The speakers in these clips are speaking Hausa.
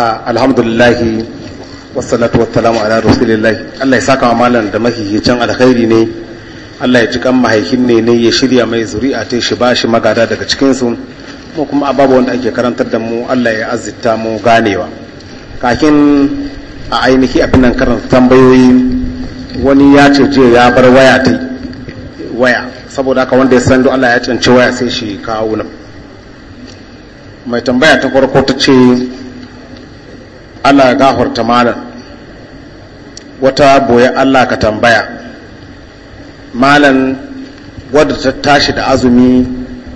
alhamdulillahi wasu wassalamu ala rasulillahi Allah ya saka wa malam da mahihicin alkhairi ne Allah ya ji kan mahaikin ne ne ya shirya mai zuri'a ta shi ba shi magada daga cikinsu ko kuma ababu wanda ake karantar da mu Allah ya azita mu ganewa kakin a ainihi abin nan karanta tambayoyi wani ya ce je ya bar waya ta waya saboda haka wanda ya san Allah ya canci waya sai shi kawo nan mai tambaya ta farko ta ce allah ya gafarta malam wata boye allah ka tambaya malam wadda ta tashi da azumi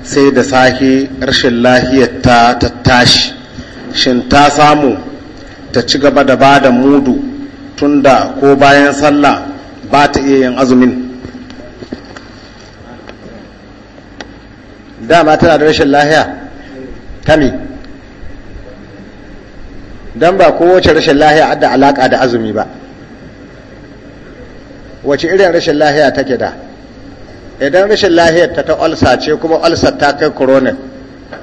sai da sahi rashin lahiyar ta tashi shin ta samu ta ci gaba da ba da mudu tunda ko bayan sallah ba ta iya yin azumin dama tana da rashin lahiya ta ne don ba kowace rashin lahiya adda alaka da azumi ba wace irin rashin lahiya take da idan rashin lahiyar ta ta olsa ce kuma olsa ta kai coronin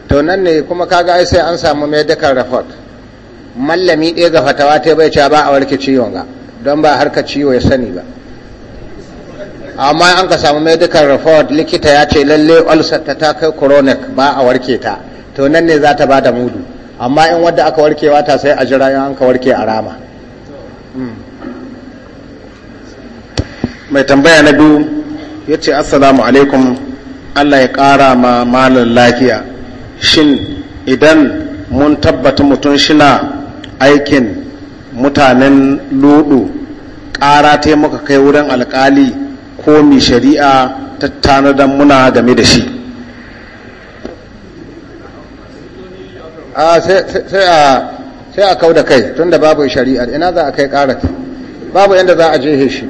to nan ne kuma kaga ai sai an samu medical report mallami ɗaya ga fatawa ta bai ca ba a warke ciwon ga don ba harka ciwo ya sani ba amma an ka samu medical report likita ya ce lalle olsa ta ta kai chronic ba a warke ta to nan ne za ta ba da mudu amma in wadda aka warkewa ta sai a jira an ka warke a rama hmm. mai tambaya na biyu ya ce assalamu alaikum allah ya kara ma malin lafiya shin idan mun tabbata mutum shina aikin mutanen ludu kara taimaka kai wurin alkali ko mai shari'a ta tanadar muna game da shi sai a kau da kai tunda babu shari'ar ina za a kai karat babu yadda za a je shi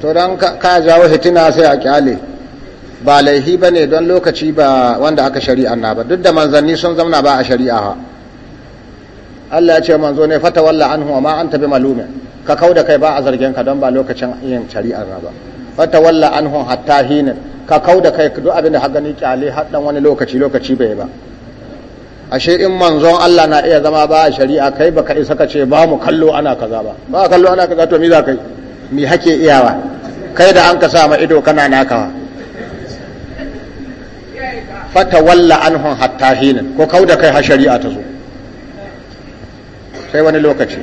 to don ka jawo hitina sai a kyale ba laihi ba ne don lokaci ba wanda aka shari'ar na ba duk da manzanni sun zamna ba a shari'a ha Allah ya ce manzo ne fata walla anhu huwa ma an tabi malume ka kau da kai ba a zargin ka don ba lokacin yin shari'ar na ba fata walla huwa hatta hinin ka kau da kai duk abin da har gani kyale har dan wani lokaci lokaci bai ba ashe in manzon Allah na iya zama ba a shari'a kai baka isa ka ce ba mu kallo ana kaza ba ba kallo ana kaza to mi za kai mi hake iyawa kai da an ka sa ma ido kana nakawa fata walla anhum hatta hinan ko kauda kai ha shari'a ta zo sai wani lokaci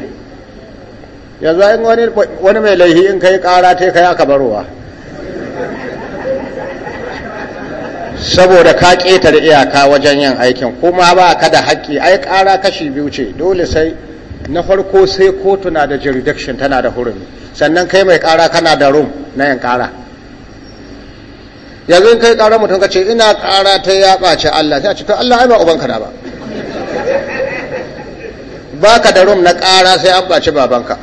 yanzu in wani mai laihi in kai kara ta kai aka barowa saboda ka ƙetare iyaka wajen yin aikin kuma ba ka da haƙƙi ai ƙara kashi biyu ce dole sai na farko sai kotu na da jurisdiction tana da hurumi sannan kai mai ƙara kana da room na yin ƙara yanzu kai ƙara mutum ka ce ina ƙara ta ya ɓace Allah sai a ce to Allah ai ba ubanka na ba ba ka da room na ƙara sai an ɓaci babanka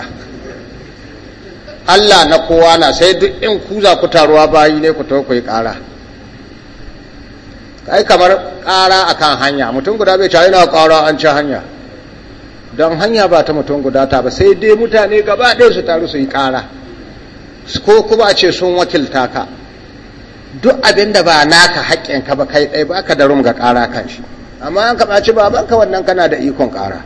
Allah na kowa na sai duk in kuza ku taruwa bayi ne ku to ku yi ƙara ai kamar ƙara a kan hanya mutum guda bai cewa yana ƙara an ci hanya don hanya ba ta mutum guda ta ba sai dai mutane gaba ɗaya su taru su yi ƙara ko kuma a ce sun wakilta ka duk abin da ba naka haƙƙinka ba kai ɗaya ba ka da rum ga ƙara kan shi amma an ka ɓaci ka wannan kana da ikon ƙara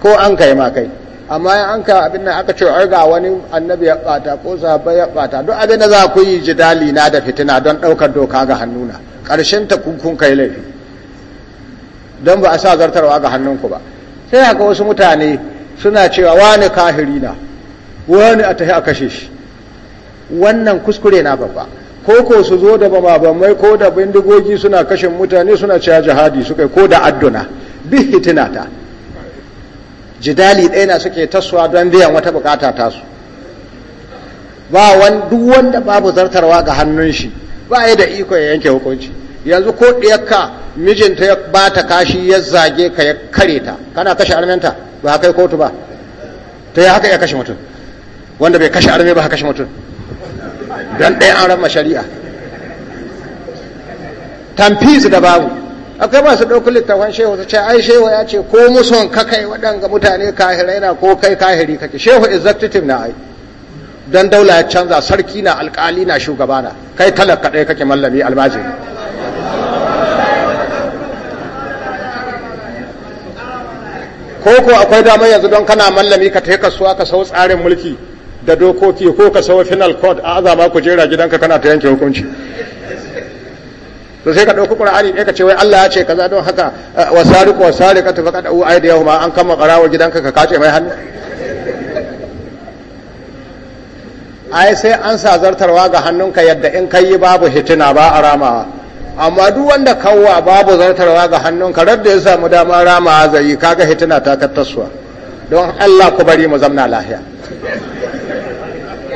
ko an kai ma kai amma an ka abin nan aka ce ga wani annabi ya ɓata ko sahabbai ya ɓata duk abin da za ku yi jidali na da fitina don ɗaukar doka ga hannuna ƙarshen ta kun kai laifi don ba a sa zartarwa ga hannunku ba sai haka wasu mutane suna cewa wani kahiri na wani a tahi a kashe shi wannan kuskure na babba ko ko su zo da bamabamai ko da bindigogi suna kashe mutane suna cewa jihadi suka ko da adduna duk hitina ta jidali ɗaya na suke taswa don biyan wata bukata tasu ba duk wanda babu zartarwa ga hannun shi ba ya da iko ya yanke hukunci yanzu ko ka mijinta ya ba ta kashi ya zage ka ya kare ta kana kashe armenta ba kai kotu ba ta yi haka ya kashe mutum wanda bai kashe arme ba kashe mutum don ɗaya an rama shari'a tamfiz da babu akwai masu ɗaukar littafan shehu ta ce ai shehu ya ce ko muson ka kai waɗanga mutane kahirai na ko kai kahiri kake shehu exactitive na ai don daula ya canza sarki na alkali na shugaba na. kai talaka ɗaya kake mallami almajiri ko ko akwai damar yanzu don kana mallami ka ta kasuwa ka sau tsarin mulki da dokoki ko ka sau final court a azama ku jera gidanka kana ta yanke hukunci to sai ka ɗauki ƙur'ani ɗaya ka ce wai Allah ya ce kaza don haka wasariku wasariqatu faqad au ma an kama qarawa gidanka ka kace mai hannu ai sai an sa zartarwa ga hannunka yadda in ka yi babu hitina ba a ramawa amma duk wanda kawwa babu zartarwa ga hannunka radda ya samu dama ramawa zai yi kaga hitina ta kattaswa don Allah ku bari mu zamna lahiya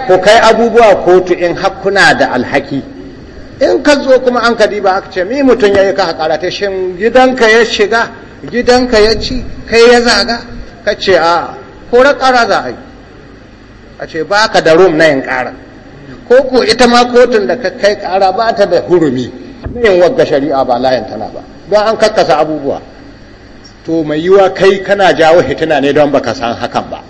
ku kai abubuwa kotu in hakkuna da alhaki in ka zo kuma an ka diba aka ce mi mutum ya yi ka haƙara ta shin gidanka ya shiga gidanka ya ci kai ya zaga ka ce a ko rakara za a yi a ce ba ka da rum na yin ƙara ko ko ita ma kotun da ka kai ƙara ba ta da hurumi na yin wagga shari'a ba layin tana ba don an kakkasa abubuwa to mai yiwa kai kana jawo hituna ne don baka san hakan ba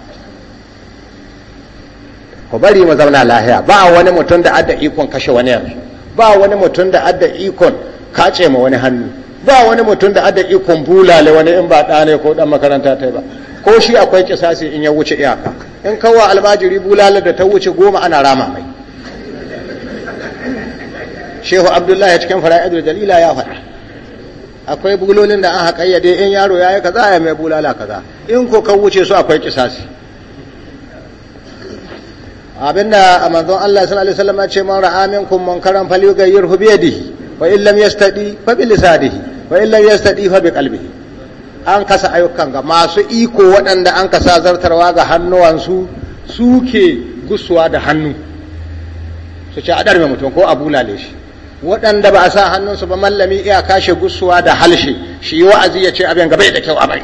ku bari mu zauna lahiya ba wani mutum da adda ikon kashe wani yanzu ba wani mutum da adda ikon kace ma wani hannu ba wani mutum da adda ikon bulale wani in ba ɗane ko ɗan makaranta ta ba ko shi akwai kisasi in ya wuce iyaka in kawo almajiri bulala da ta wuce goma ana rama mai shehu abdullahi cikin fara'idul dalila ya faɗa akwai bulolin da an haƙayyade in yaro ya yi kaza ya mai bulala kaza in ko kan wuce su akwai kisasi abinda a manzon Allah sallallahu alaihi wasallam ce man ra'a minkum munkaran falyughayyirhu bi yadihi wa illam yastadi fa bi lisanihi wa illam yastadi fa bi qalbihi an kasa ayyukan ga masu iko waɗanda an kasa zartarwa ga hannuwansu suke gusuwa da hannu su ce adar mai mutum ko a bulale shi waɗanda ba a sa hannunsu ba mallami iya kashe gusuwa da halshe shi yi wa'azi ya ce abin gaba da kyau a bai.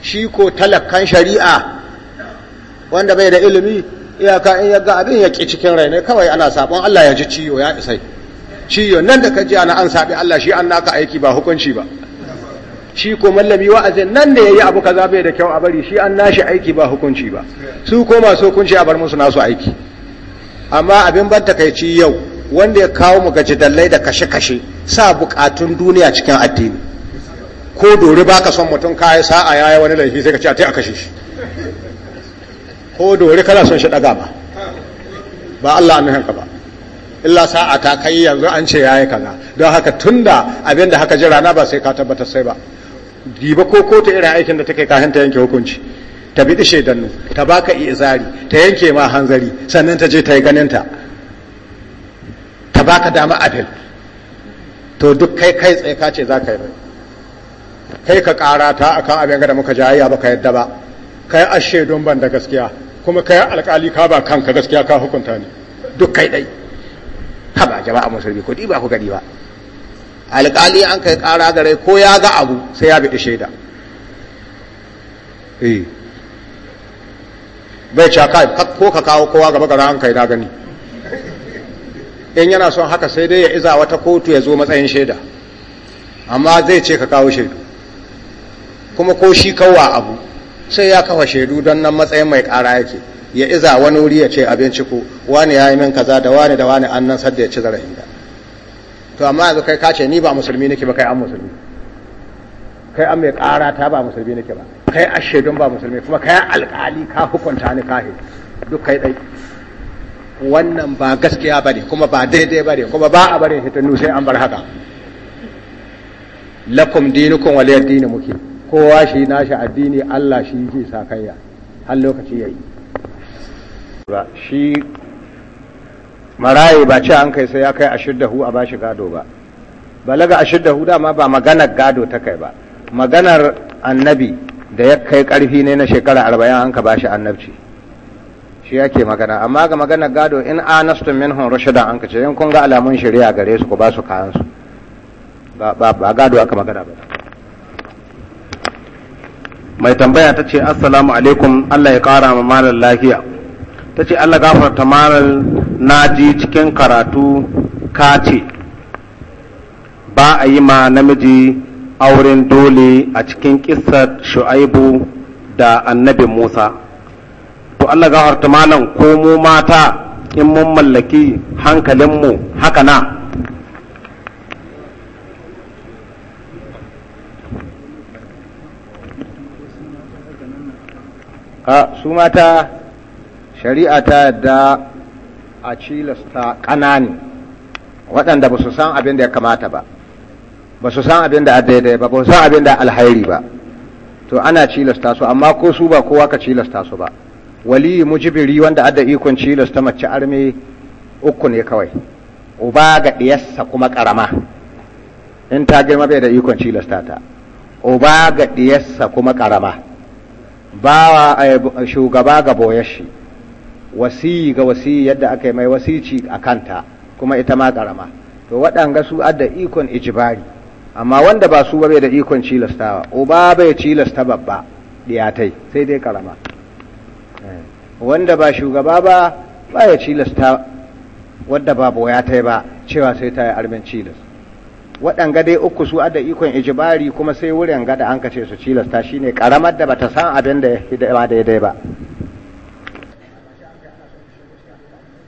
shi ko talakkan shari'a wanda bai da ilimi iyaka in ya abin ya ƙi cikin rai ne kawai ana sabon Allah ya ji ciyo ya isai ciyo nan da ka ji ana an sabi Allah shi an naka aiki ba hukunci ba shi ko mallami wa'azin nan da yayi abu kaza bai da kyau a bari shi an nashi aiki ba hukunci ba su ko masu hukunci a bar musu nasu aiki amma abin ban takaici yau wanda ya kawo mu gaji dallai da kashe-kashe sa bukatun duniya cikin addini ko dori ba ka son mutum kayi sa'a yayi wani laifi sai ka ce a tai a kashe shi ko dori kana son shi daga ba ba Allah an ka ba illa sa'a ta kai yanzu an ce yayi kaza don haka tunda abinda haka ji rana ba sai ka tabbatar sai ba diba ko ko ta irin aikin da take kafin ta yanke hukunci ta bi dannu, ta baka izari ta yanke ma hanzari sannan ta je ta yi ganin ta ta baka dama apel to duk kai kai tsaye ka ce za ka yi kai ka kara ta akan abin da muka jayayya ba ka yadda ba kai ashe don ban da gaskiya kuma kai alkali ka ba kanka gaskiya ka hukunta ni duk kai dai haba jama'a musulmi ko ba ku gadi ba alƙali an kai ƙara gare ko ya ga abu sai ya biɗi shaida eh. bai ci kai ko ka kawo kowa gaba gara an kai na gani in yana son haka sai dai ya iza wata kotu ya zo matsayin shaida amma zai ce ka kawo shaidu kuma ko shi kawa abu sai ya kafa shaidu don nan matsayin mai ƙara yake ya iza wani wuri ya ce abinci ko wani ya yi min kaza da wani da wani an nan sadda ya ci zarafi da to amma yanzu kai ka ce ni ba musulmi nake ba kai an musulmi kai an mai ƙara ta ba musulmi nake ba kai a shaidun ba musulmi kuma kai alƙali ka hukunta ni kahi duk kai dai. wannan ba gaskiya ba ne kuma ba daidai ba ne kuma ba a barin hitannu sai an bar haka lakum dinukum waliyar dini muke kowa shi nashi addini Allah shi yake sakayya har lokaci yayi shi maraye ba ce an kai sai ya kai hu a bashi gado ba balaga hu dama ba maganar gado ta kai ba maganar annabi da ya kai karfi ne na shekara arba'in an ka bashi annabci shi yake magana amma ga maganar gado in anastun minhun rashida an ka ce in kun ga alamun shari'a gare su ku ba su kayan su ba ba gado aka magana ba mai tambaya ta ce assalamu alaikum Allah ya kara ma malar lafiya ta ce Allah gafarta malar na ji cikin karatu ka ce ba a yi ma namiji auren dole a cikin kisar shu'aibu da annabi musa to allah gafarta malam ko mu mata in mun mallaki hankalinmu haka na a su mata shari'a ta yadda a cilasta ƙanani waɗanda ba su san abin da ya kamata ba ba su san abin da daidai ba ba su san abin da alhairi ba to ana cilasta su amma ko su ba kowa ka cilasta su ba wali mujibiri wanda adda ikon cilasta mace arme uku ne kawai uba ga ɗiyarsa kuma karama in ta girma bai da ikon cilasta ta uba ga ɗiyarsa kuma karama bawa eh, shugaba ga boyar wasiyi ga wasiyi yadda aka yi mai wasici a kanta kuma ita ma karama to waɗanga su adda ikon ijibari amma wanda ba su bai da ikon cilastawa uba bai cilasta babba diyatai sai dai karama eh, wanda ba shugaba ba ba ya cilasta wadda ba boyatai ba cewa sai ta yi armin cilas waɗanga dai uku su adda ikon ijibari kuma sai wurin gada an kace su cilasta shine karamar da bata san abin da ya daidai ba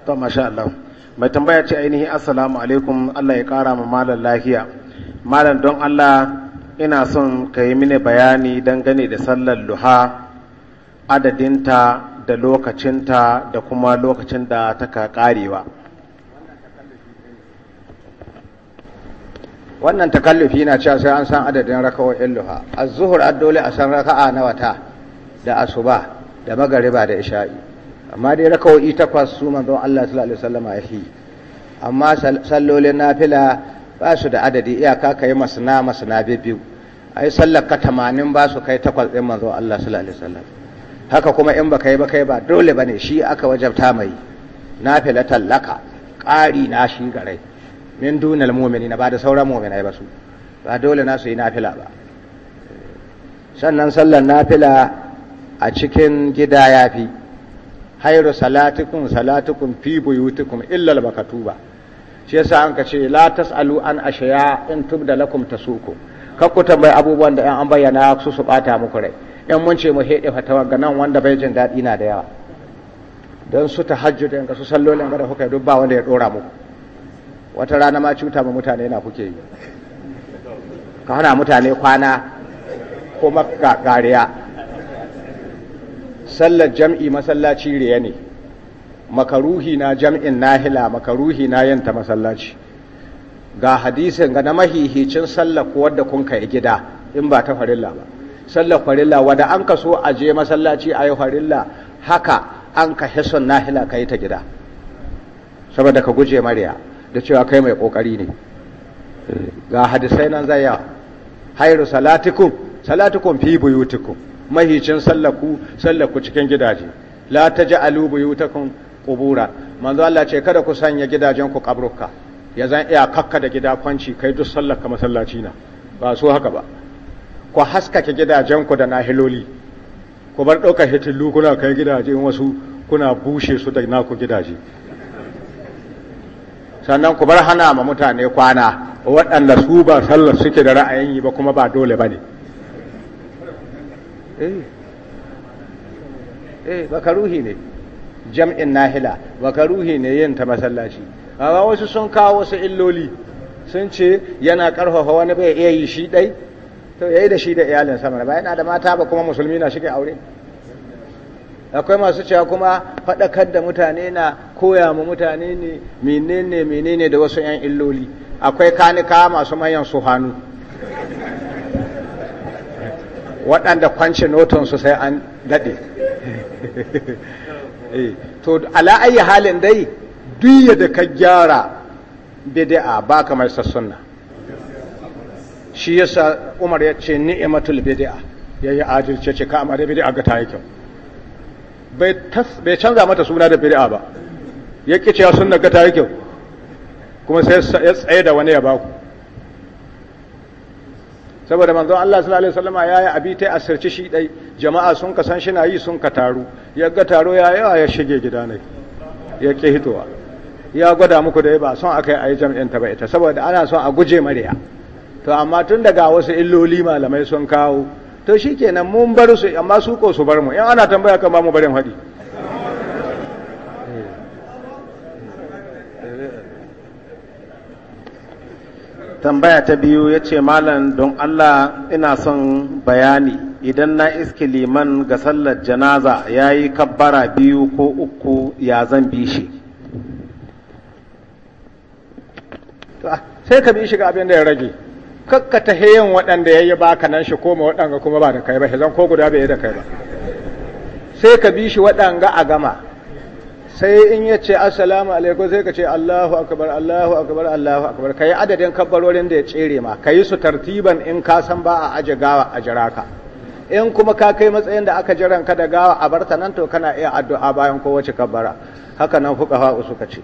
to masha Allah mai tambaya ce ainihi assalamu alaikum Allah ya kara ma malam lafiya malam don Allah ina son ka yi mini bayani dangane da sallar duha adadinta da lokacinta da kuma lokacin da ta karewa wannan takallufi na cewa sai an san adadin raka'o'in luha az-zuhur ad-dole a san raka'a na wata da asuba da magariba da isha'i amma dai raka'o'i takwas su manzon Allah sallallahu alaihi wasallama ya yi amma sallolin nafila ba su da adadi iyaka kai masna masna biyu ai sallar ka 80 ba su kai takwas din manzon Allah sallallahu alaihi wasallam haka kuma in baka yi ba kai ba dole bane shi aka wajabta mai nafila tallaka ƙari na shi gare min dunal mu'minina ba da sauran mu'minai ba su ba dole na su yi nafila ba sannan sallar nafila a cikin gida ya fi hayru salatikum salatikum fi buyutikum illa al-makatuba shi yasa an ka ce la tasalu an ashaya in tubda lakum tasuku kar ku tambayi abubuwan da an bayyana su su bata muku rai in mun ce mu hede fatawa ga nan wanda bai jin daɗi na da yawa don su tahajjudin ga su sallolin ga da kuka duk ba wanda ya dora muku wata rana ma cuta ma mutane na kuke yi ka hana mutane kwana ko maka gariya sallar jam'i masallaci riya ne makaruhi na jam'in nahila makaruhi na yanta masallaci ga hadisin ga na mahihicin sallar kuwar da kun kai gida in ba ta farilla ba sallar farilla wadda an ka so a je masallaci a yi farilla haka an ka hison nahila ka yi ta gida saboda ka guje mariya da cewa kai mai kokari ne ga hadisai nan zai yawa hairu salatikum salatikum fi buyutikum mahicin sallaku sallaku cikin gidaje la ta ji taj'alu buyutakum kubura. manzo Allah ce kada ku sanya gidajen ku kabruka ya zan iya kakka da gida kwanci kai duk sallaka masallaci na ba so haka ba ku haskake gidajen ku da nahiloli ku bar ɗaukar hitillu kuna kai gidaje wasu kuna bushe su da naku gidaje sannan ku bar hana ma mutane kwana waɗanda su ba sallar suke da ra'ayin yi ba kuma ba dole ba ne Eh. eh baka ruhi ne jam'in nahila ruhi ne yin ta masallaci amma wasu sun kawo wasu illoli sun ce yana karfafa wani bai iya yi shi dai to yayi da shi da iyalin sama ba yana da mata ba kuma musulmi na shi aure akwai masu cewa kuma faɗakar da mutane na koya ma mutane ne menene menene da wasu 'yan illoli akwai kanika masu manyan su hannu waɗanda kwance su sai an daɗe eh, to ala halin dai duyya da ka gyara bidi'a ba kamar sa shi yasa Umar ya ce ni'matul bid'a yi adalci ce ka amare bid'a ga ta yi kyau bai canza mata suna da bid'a ba ce ya sunna ga ta yi kyau kuma sai ya tsaye da wani ya baku saboda manzo Allah sallallahu alaihi wasallama yi abi tai asirci shi dai jama'a sun ka san shi na yi sun ka taru ya ga taro ya yawa ya shige gida ne ya ke hitowa ya gwada muku da ba son akai ayi jam'in ta ba ita saboda ana son a guje mariya to amma tun daga wasu illoli malamai sun kawo to shikenan mun bar su amma su ko su bar mu in ana tambaya kan ba mu barin haɗi tambaya ta biyu ya ce malam don Allah ina son bayani idan na iski liman ga sallar janaza ya yi kabbara biyu ko uku ya zan bi shi ah, sai ka bi shi ga abin da ya rage kakka ta heyin waɗanda ya yi baka nan shi koma waɗanga kuma ba da kai ba zan ko guda bai yi da kai ba sai ka bi shi waɗanga a gama sai in ya ce assalamu alaikum sai ka ce Allahu akbar Allahu akbar Allahu akbar yi adadin kabbarorin da ya tsere ma ka yi su tartiban in ka san ba a aje gawa a jira ka in kuma ka kai matsayin da aka jiran ka da gawa a barta nan to kana iya addu'a bayan kowace kabbara haka nan fuqaha suka ce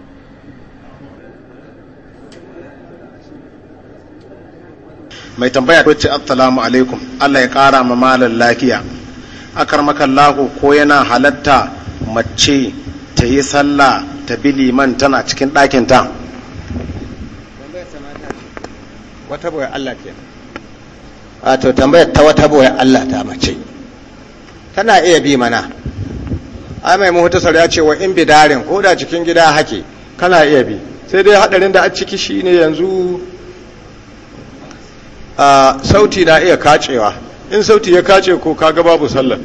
mai tambaya ko ce assalamu alaikum Allah ya kara ma malam lafiya akar makallahu ko yana halatta mace ta yi sallah ta bi liman tana cikin ɗakin ta wata boye Allah ke wato tambayar ta wata boye Allah ta mace tana iya bi mana ai mai muhtasar ya ce wa in bidarin ko da cikin gida hake kana iya bi sai dai hadarin da a ciki shine yanzu a sauti na iya kacewa in sauti ya kace ko kaga babu sallar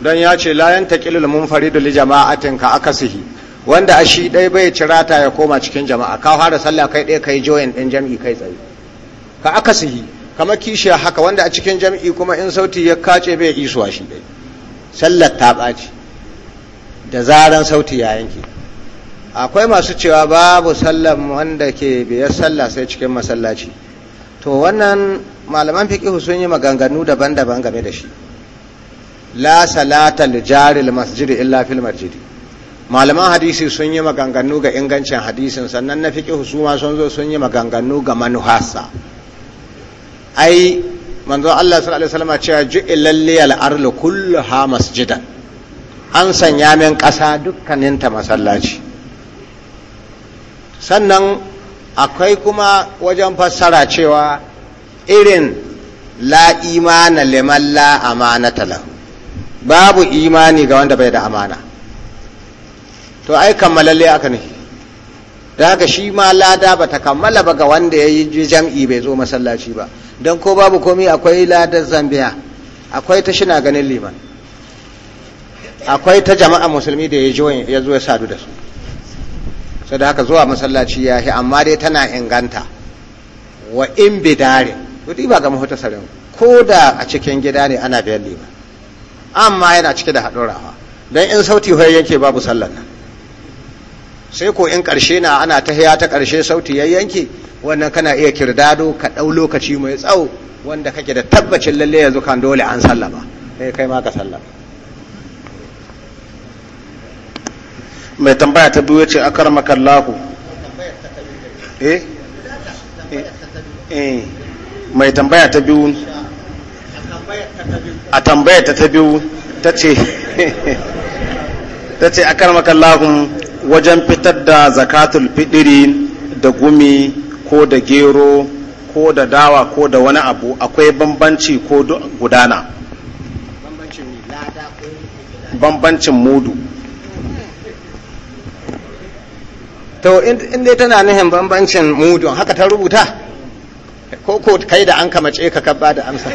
don ya ce layan taƙilul da li jama'atin ka sihi wanda a shi ɗaya bai cira ta ya koma cikin jama'a ka fara sallah kai ɗaya yi joyin ɗin jam'i kai tsaye ka aka kama kishi a haka wanda a cikin jam'i kuma in sauti ya kace bai iso shi ɗaya sallar ta ɓaci da zaran sauti ya yanke akwai masu cewa babu sallan wanda ke biyar sallah sai cikin masallaci to wannan malaman fiƙihu sun yi maganganu daban-daban game da shi la salata li jaril masjidi illa fil malaman hadisi sun yi maganganu ga ingancin hadisin sannan na fiqh husuma sun zo sun yi maganganu ga manuhasa ai manzo Allah sallallahu alaihi wasallam cewa ju'ilal liyal arlu kulluha masjidan an sanya min ƙasa dukkaninta masallaci sannan akwai kuma wajen fassara cewa irin la imana liman la amanata lahu babu imani ga wanda bai da amana to ai kammalalle aka ne da haka shi ma lada ba ta kammala ba ga wanda ya yi jam'i bai zo masallaci ba don ko babu komi akwai ladar zambiya akwai ta shina ganin liman akwai ta jama'a musulmi da ya zo ya sadu da su sai da haka zuwa masallaci ya shi amma dai tana inganta wa in bidarin ba ga mahuta sarin ko da a cikin gida ne ana biyan liman amma yana cike da haɗura don in sauti hoya yanke babu sallan nan sai ko in ƙarshe na ana ta haya ta ƙarshe sauti ya yanke wannan kana iya kirdado ka ɗau lokaci mai tsawo wanda kake da tabbacin lalle yanzu kan dole an sallama sai eh, kai ma ka sallama mai tambaya ta biyu ce akar makallahu eh? eh eh mai tambaya ta biyu a tambayar ta ta biyu ta ce ta ce a karmakallahun wajen fitar da zakatul fidiri da gumi ko da gero ko da dawa ko da wani abu akwai bambanci ko gudana bambancin mudu to inda tana nuhin bambancin mudu haka ta rubuta ko ko kai da an kamace ka kabba da amsa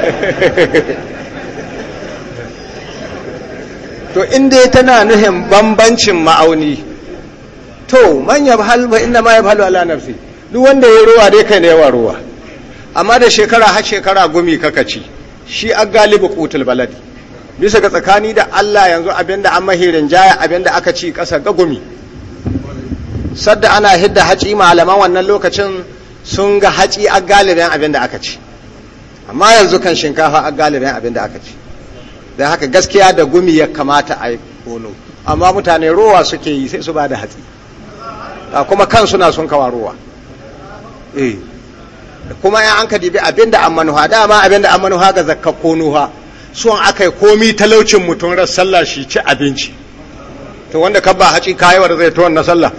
to inda tana nuhin bambancin ma'auni to man yabhal wa ma yabhalu ala nafsi duk wanda ya ruwa dai kai ne yawa ruwa amma da shekara har shekara gumi kaka ci shi a galibu kutul baladi bisa ga tsakani da Allah yanzu abinda an mahirin jaya abinda aka ci kasa ga gumi sadda ana hidda haci malaman wannan lokacin sun ga haci a galibin abinda aka ci amma yanzu kan shinkafa a galibin abin da aka ci da haka gaskiya da gumi ya kamata a kono amma mutane rowa suke yi sai su ba da hatsi kuma kan suna sun kawa rowa eh kuma ya an ka dibi abin da an manuha dama abin da an manuha ga zakka konuha suwan aka yi komi talaucin mutum ran sallah shi ci abinci to wanda ka ba haci kayawar zai ta wannan sallah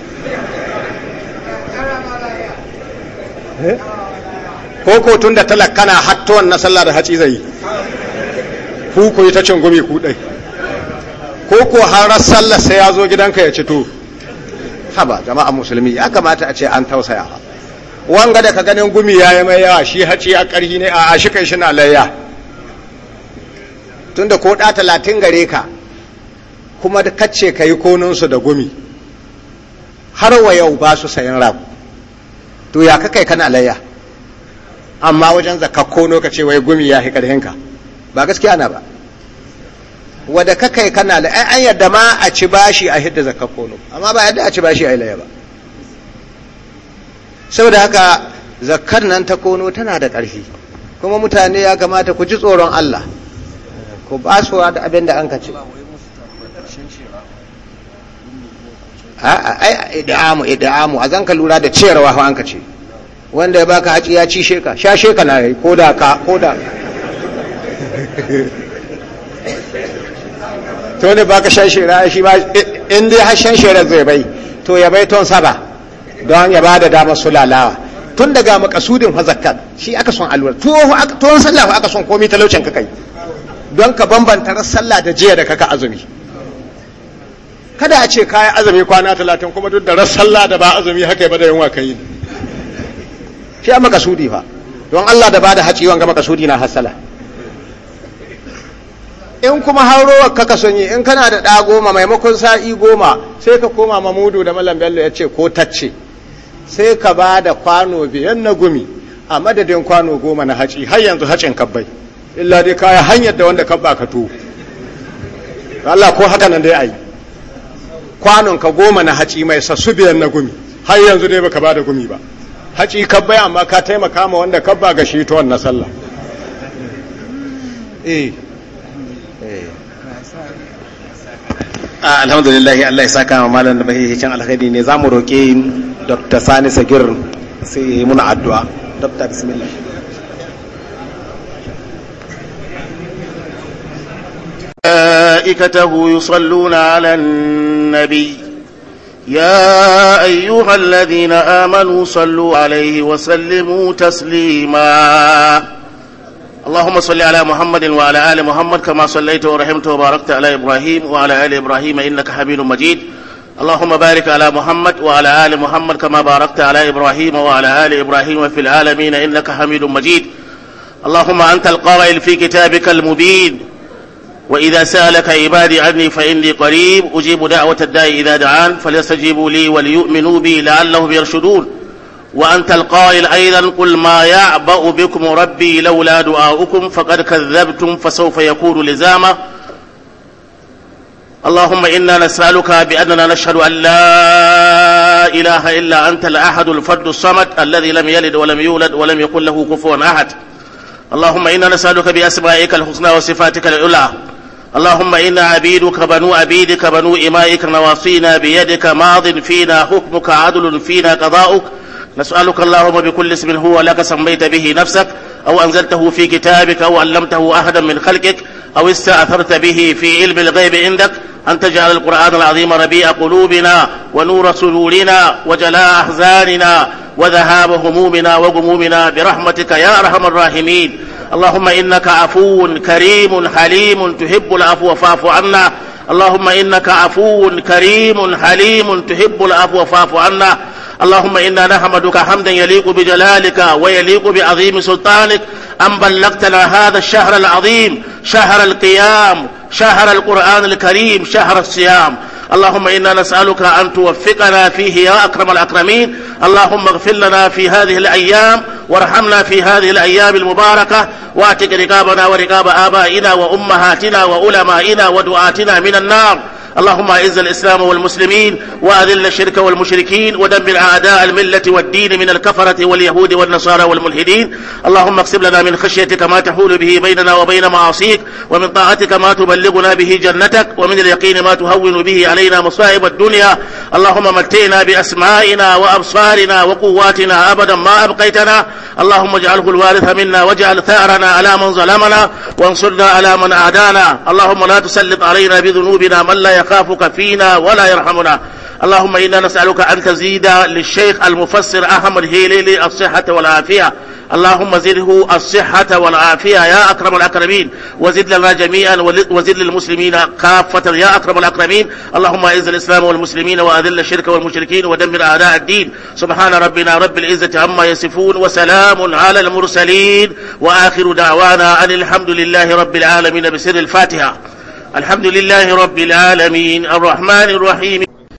eh? ko ko tun da talaka na hatto wannan sallah da haci zai ku ku ta cin gumi ku dai ko ko har sallah sai ya zo gidanka ya ci to haba jama'a musulmi ya kamata a ce an tausaya wanga da ka ganin gumi ya yi mai yawa shi haci a ƙarhi ne a shi kai shi na layya tunda ko ɗa talatin gare ka kuma da kace ka yi konunsu da gumi har wa yau ba su sayan rago to ya kai kana layya amma wajen zakakko lokaci wai gumi ya fi karhin ka ba gaskiya na ba wadda ka kai kana da ai an yadda ma a ci bashi a hidda zakakko no amma ba yadda a ci bashi a ilaya ba saboda haka zakkar nan ta kono tana da ƙarfi kuma mutane ya kamata ku ji tsoron Allah ku ba su da abin da an ka ce a'a ai ida'amu ida'amu a zan ka lura da ciyarwa an ka ce wanda ya baka haƙi ya ci sheka sha sheka na yi koda ka koda to ne baka shan shera shi ba in dai har shan shera zai bai to ya bai ton saba don ya bada damar lalawa tun daga makasudin fazakar shi aka son alwar tuwon sallah aka son komai talaucin ka kai don ka bambanta sallah da jiya da kaka azumi kada a ce kayan azumi kwana talatin kuma duk da rassalla da ba azumi haka ba da yunwa kan yi shi maka sudi fa don Allah da bada haci wanga makasudi na hasala in kuma haurowar ka son yi in kana da ɗa goma maimakon sa'i goma sai ka koma mamudu da malam bello ya ce ko tacce sai ka ba da kwano biyan na gumi a madadin kwano goma na haci har yanzu hacin kabbai illa dai kaya hanyar da wanda kabba ka to Allah ko haka nan dai ayi kwanon ka goma na haci mai sassu biyan na gumi har yanzu dai baka ba da gumi ba haci kabbai amma ka taimaka ma wanda kabba ga shi tuwon na sallah eh, eh. Ah, alhamdulillah Allah ya saka ma malam da bai can alkhairi ne zamu roke Dr. Sani Sagir sai yi muna addu'a Dr. bismillah ملائكته يصلون على النبي يا أيها الذين آمنوا صلوا عليه وسلموا تسليما اللهم صل على محمد وعلى آل محمد كما صليت ورحمت وباركت على إبراهيم وعلى آل إبراهيم إنك حميد مجيد اللهم بارك على محمد وعلى آل محمد كما باركت على إبراهيم وعلى آل إبراهيم في العالمين إنك حميد مجيد اللهم أنت القائل في كتابك المبين وإذا سألك عبادي عني فإني قريب أجيب دعوة الداعي إذا دعان فليستجيبوا لي وليؤمنوا بي لعلهم يرشدون وأنت القائل أيضا قل ما يعبأ بكم ربي لولا دعاؤكم فقد كذبتم فسوف يكون لزاما اللهم إنا نسألك بأننا نشهد أن لا إله إلا أنت الأحد الفرد الصمد الذي لم يلد ولم يولد ولم يكن له كفوا أحد اللهم إنا نسألك بأسمائك الحسنى وصفاتك العلى اللهم إنا عبيدك بنو عبيدك بنو إمائك نواصينا بيدك ماض فينا حكمك عدل فينا قضاؤك نسألك اللهم بكل اسم هو لك سميت به نفسك أو أنزلته في كتابك أو علمته أحدا من خلقك أو استأثرت به في علم الغيب عندك أن تجعل القرآن العظيم ربيع قلوبنا ونور سرورنا وجلاء أحزاننا وذهاب همومنا وغمومنا برحمتك يا أرحم الراحمين اللهم إنك عفو كريم حليم تحب العفو فاعف عنا اللهم إنك عفو كريم حليم تحب العفو فاعف عنا اللهم إنا نحمدك حمدا يليق بجلالك ويليق بعظيم سلطانك أن بلغتنا هذا الشهر العظيم شهر القيام شهر القرآن الكريم شهر الصيام اللهم إنا نسألك أن توفقنا فيه يا أكرم الأكرمين اللهم اغفر لنا في هذه الأيام وارحمنا في هذه الأيام المباركة واتق رقابنا ورقاب آبائنا وأمهاتنا وعلمائنا ودعاتنا من النار اللهم اعز الإسلام والمسلمين وأذل الشرك والمشركين ودمر أعداء الملة والدين من الكفرة واليهود والنصارى والملحدين اللهم اكسب لنا من خشيتك ما تحول به بيننا وبين معاصيك ومن طاعتك ما تبلغنا به جنتك ومن اليقين ما تهون به علينا مصائب الدنيا اللهم متينا بأسمائنا وأبصارنا وقواتنا أبدا ما أبقيتنا اللهم اجعله الوارث منا واجعل ثأرنا على من ظلمنا وانصرنا على من عادانا اللهم لا تسلط علينا بذنوبنا من لا يخافك فينا ولا يرحمنا اللهم إنا نسألك أن تزيد للشيخ المفسر أحمد هيليلي الصحة والعافية اللهم زده الصحة والعافية يا أكرم الأكرمين وزد لنا جميعا وزد للمسلمين كافة يا أكرم الأكرمين اللهم أعز الإسلام والمسلمين وأذل الشرك والمشركين ودمر أعداء الدين سبحان ربنا رب العزة عما يصفون وسلام على المرسلين وآخر دعوانا أن الحمد لله رب العالمين بسر الفاتحة الحمد لله رب العالمين الرحمن الرحيم